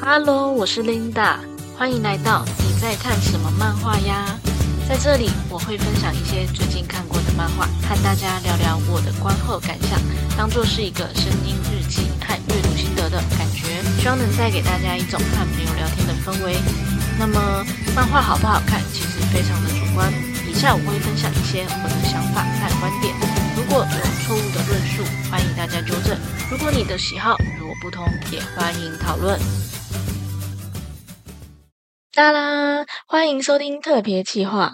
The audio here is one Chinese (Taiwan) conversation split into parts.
哈嘍，Hello, 我是琳達。歡迎來到你在看什麼漫畫呀？在這裡我會分享一些最近看過的漫畫，和大家聊聊我的觀後感想，當做是一個聲音日記和閱讀心得的感覺，希望能帶給大家一種和朋友聊天的氛圍。那麼漫畫好不好看，其實非常的主觀。以下我會分享一些我的想法和觀點，如果有錯誤的論述，歡迎大家糾正。如果你的喜好與我不同，也歡迎討論。啦啦！歡迎收聽特別企劃。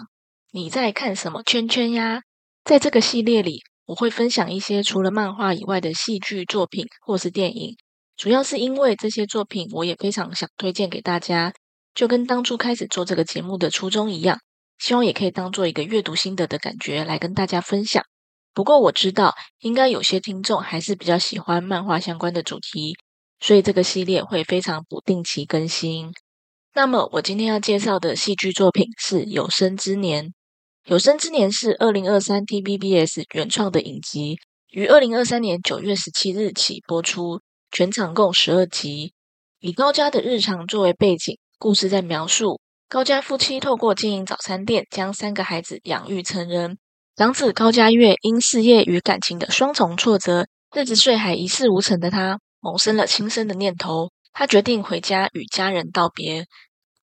你在看什麼圈圈呀？在這個系列裡，我會分享一些除了漫畫以外的戲劇作品或是電影，主要是因為這些作品我也非常想推薦給大家，就跟當初開始做這個節目的初衷一樣，希望也可以當做一個閱讀心得的感覺來跟大家分享。不過我知道，應該有些聽眾還是比較喜歡漫畫相關的主題，所以這個系列會非常不定期更新。那麼，我今天要介紹的戲劇作品是有生之年。有生之年是二零二三 TVBS 原創的影集，於二零二三年九月十七日起播出，全場共十二集。以高家的日常作為背景，故事在描述高家夫妻透過經營早餐店，將三個孩子養育成人。長子高嘉岳因事業與感情的雙重挫折，四十歲還一事無成的他，萌生了輕生的念頭。他決定回家與家人道別。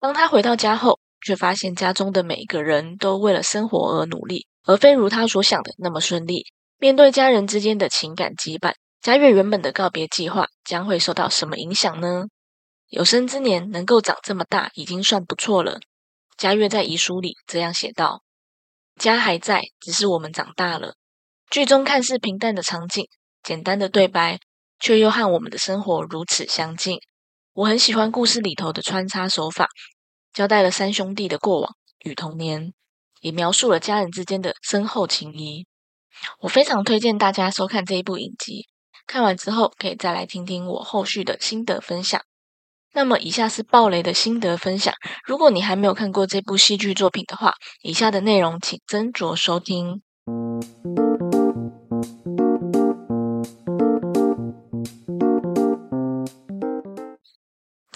當他回到家後，卻發現家中的每一個人都為了生活而努力，而非如他所想的那麼順利。面對家人之間的情感羈絆，嘉悅原本的告別計劃將會受到什麼影響呢？有生之年能夠長這麼大，已經算不錯了。嘉悅在遺書裡這樣寫道：“家還在，只是我們長大了。”劇中看似平淡的場景，簡單的對白，卻又和我們的生活如此相近。我很喜歡故事裡頭的穿插手法，交代了三兄弟的過往與童年，也描述了家人之間的深厚情誼。我非常推薦大家收看這一部影集，看完之後可以再來聽聽我後續的心得分享。那麼，以下是爆雷的心得分享。如果你還沒有看過這部戲劇作品的話，以下的內容請斟酌收聽。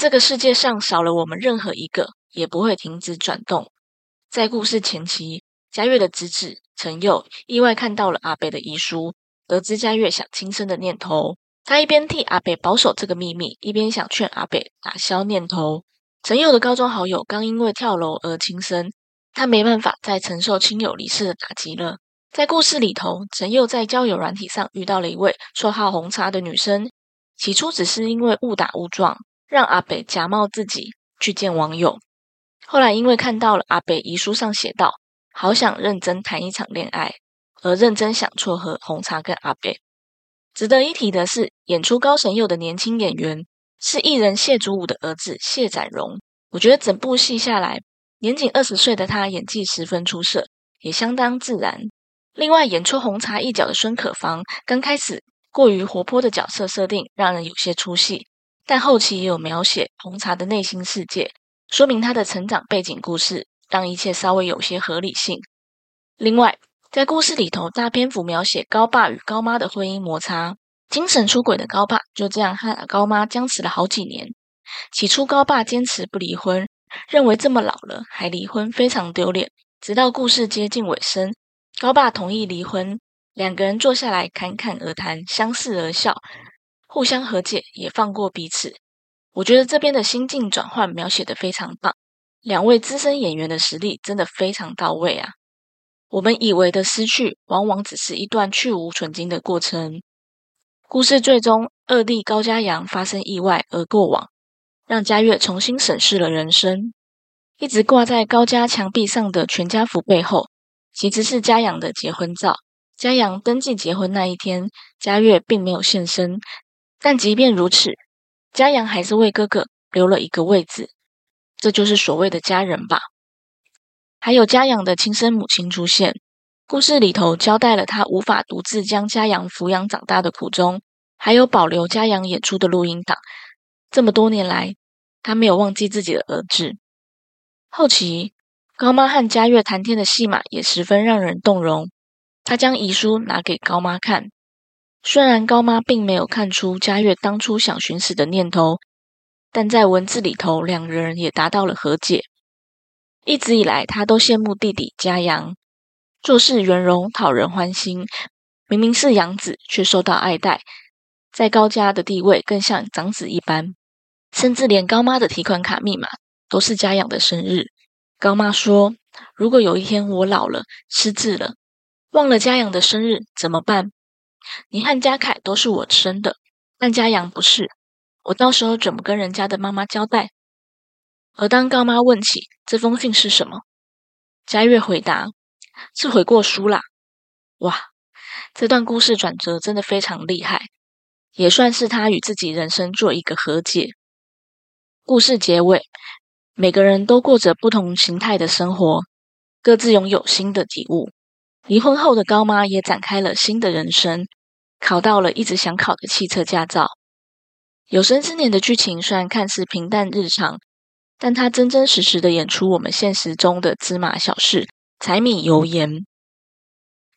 這個世界上少了我們任何一個，也不會停止轉動。在故事前期，嘉月的侄子陳佑意外看到了阿北的遺書，得知嘉月想輕生的念頭，他一邊替阿北保守這個秘密，一邊想勸阿北打消念頭。陳佑的高中好友剛因為跳樓而輕生，他沒辦法再承受親友離世的打擊了。在故事裡頭，陳佑在交友軟體上遇到了一位綽號紅茶的女生，起初只是因為誤打誤撞。讓阿北假冒自己去見網友，後來因為看到了阿北遺書上寫道：“好想認真談一場戀愛”，而認真想撮合紅茶跟阿北。值得一提的是，演出高神佑的年輕演員是藝人謝祖武的兒子謝展榮。我覺得整部戲下來，年僅二十歲的他演技十分出色，也相當自然。另外，演出紅茶一角的孫可芳，剛開始過於活潑的角色設定，讓人有些出戲。但後期也有描寫紅茶的內心世界，說明他的成長背景故事，讓一切稍微有些合理性。另外，在故事裡頭，大篇幅描寫高爸與高媽的婚姻摩擦，精神出軌的高爸就這樣和高媽僵持了好幾年。起初，高爸堅持不離婚，認為這麼老了還離婚非常丟臉。直到故事接近尾聲，高爸同意離婚，兩個人坐下來侃侃而談，相視而笑。互相和解，也放過彼此。我覺得這邊的心境轉換描寫得非常棒，兩位資深演員的實力真的非常到位啊。我們以為的失去，往往只是一段去蕪存菁的過程。故事最終，二弟高嘉揚發生意外而過往，讓嘉岳重新審視了人生。一直掛在高家牆壁上的全家福背後，其實是嘉揚的結婚照。嘉揚登記結婚那一天，嘉岳並沒有現身。但即便如此，嘉陽還是為哥哥留了一個位置，這就是所謂的家人吧。還有嘉陽的親生母親出現，故事裡頭交代了她無法獨自將嘉陽撫養長大的苦衷，還有保留嘉陽演出的錄音檔。這麼多年來，她沒有忘記自己的兒子。後期高媽和嘉岳談天的戲碼也十分讓人動容，他將遺書拿給高媽看。雖然高媽並沒有看出嘉岳當初想尋死的念頭，但在文字裡頭，兩人也達到了和解。一直以來，她都羨慕弟弟嘉揚，做事圓融，討人歡心。明明是養子，卻受到愛戴，在高家的地位更像長子一般。甚至連高媽的提款卡密碼都是嘉揚的生日。高媽說：“如果有一天我老了、失智了，忘了嘉揚的生日怎麼辦？”你和嘉凱都是我生的，但嘉楊不是。我到時候怎麼跟人家的媽媽交代？而當高媽問起這封信是什麼，嘉悅回答：“是悔過書啦。”哇，這段故事轉折真的非常厲害，也算是他與自己人生做一個和解。故事結尾，每個人都過着不同形態的生活，各自擁有新的體悟。離婚後的高媽也展開了新的人生，考到了一直想考的汽車駕照。有生之年的劇情雖然看似平淡日常，但它真真實實的演出我們現實中的芝麻小事、柴米油鹽。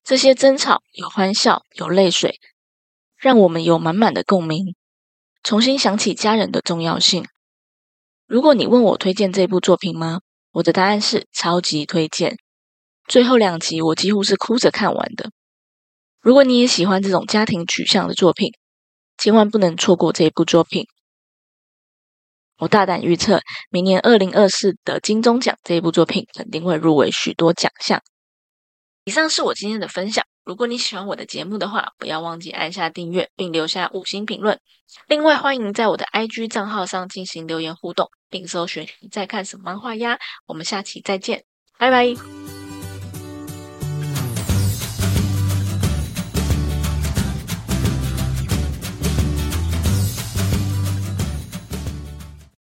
這些爭吵有歡笑有淚水，讓我們有滿滿的共鳴，重新想起家人的重要性。如果你問我推薦這部作品嗎？我的答案是超級推薦。最後兩集，我幾乎是哭着看完的。如果你也喜歡這種家庭取向的作品，千萬不能錯過這一部作品。我大膽預測，明年二零二四的金鐘獎這一部作品肯定會入圍許多獎項。以上是我今天的分享。如果你喜歡我的節目的話，不要忘記按下訂閱並留下五星評論。另外，歡迎在我的 IG 賬號上進行留言互動，並搜尋你在看什麼漫畫呀。我們下期再見，拜拜。